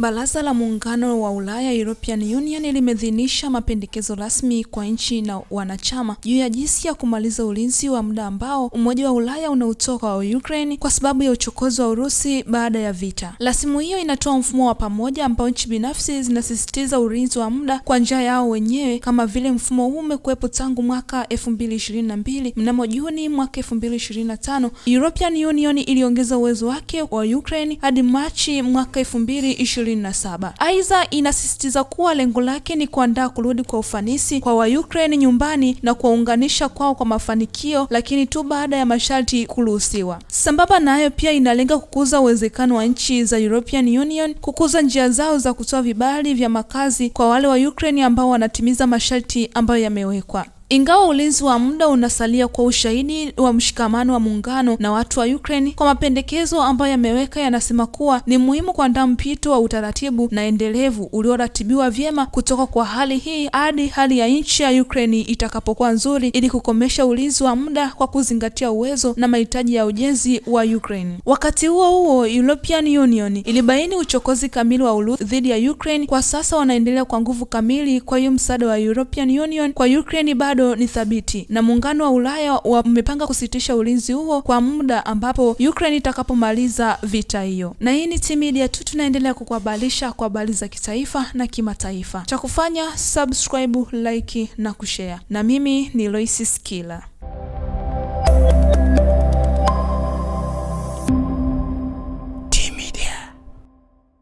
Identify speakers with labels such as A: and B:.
A: Baraza la Muungano wa Ulaya European Union limeidhinisha mapendekezo rasmi kwa nchi na wanachama juu ya jinsi ya kumaliza ulinzi wa muda ambao Umoja wa Ulaya unautoa kwa Ukraine kwa sababu ya uchokozi wa Urusi baada ya vita. Rasimu hiyo inatoa mfumo wa pamoja ambao nchi binafsi zinasisitiza ulinzi wa muda kwa njia yao wenyewe, kama vile mfumo huu umekuwepo tangu mwaka 2022. Mnamo Juni mwaka 2025, European Union iliongeza uwezo wake wa Ukraine hadi Machi mwaka 2020. 27. Aidha, inasisitiza kuwa lengo lake ni kuandaa kurudi kwa ufanisi kwa Waukraini nyumbani na kuwaunganisha kwao kwa mafanikio, lakini tu baada ya masharti kuruhusiwa. Sambamba nayo pia inalenga kukuza uwezekano wa nchi za European Union kukuza njia zao za kutoa vibali vya makazi kwa wale wa Ukraine ambao wanatimiza masharti ambayo yamewekwa. Ingawa ulinzi wa muda unasalia kwa ushahidi wa mshikamano wa muungano na watu wa Ukraine kwa mapendekezo ambayo yameweka yanasema kuwa ni muhimu kuandaa mpito wa utaratibu na endelevu ulioratibiwa vyema kutoka kwa hali hii hadi hali ya nchi ya Ukraine itakapokuwa nzuri ili kukomesha ulinzi wa muda kwa kuzingatia uwezo na mahitaji ya ujenzi wa Ukraine. Wakati huo huo, European Union ilibaini uchokozi kamili wa Urusi dhidi ya Ukraine. Kwa sasa wanaendelea kwa nguvu kamili, kwa hiyo msaada wa European Union kwa Ukraine bado bado ni thabiti, na muungano wa Ulaya wamepanga kusitisha ulinzi huo kwa muda ambapo Ukraine itakapomaliza vita hiyo. Na hii ni Tmedia tu, tunaendelea kukuhabarisha kwa habari za kitaifa na kimataifa. Cha kufanya subscribe, like na kushare, na mimi ni Loisis Kila.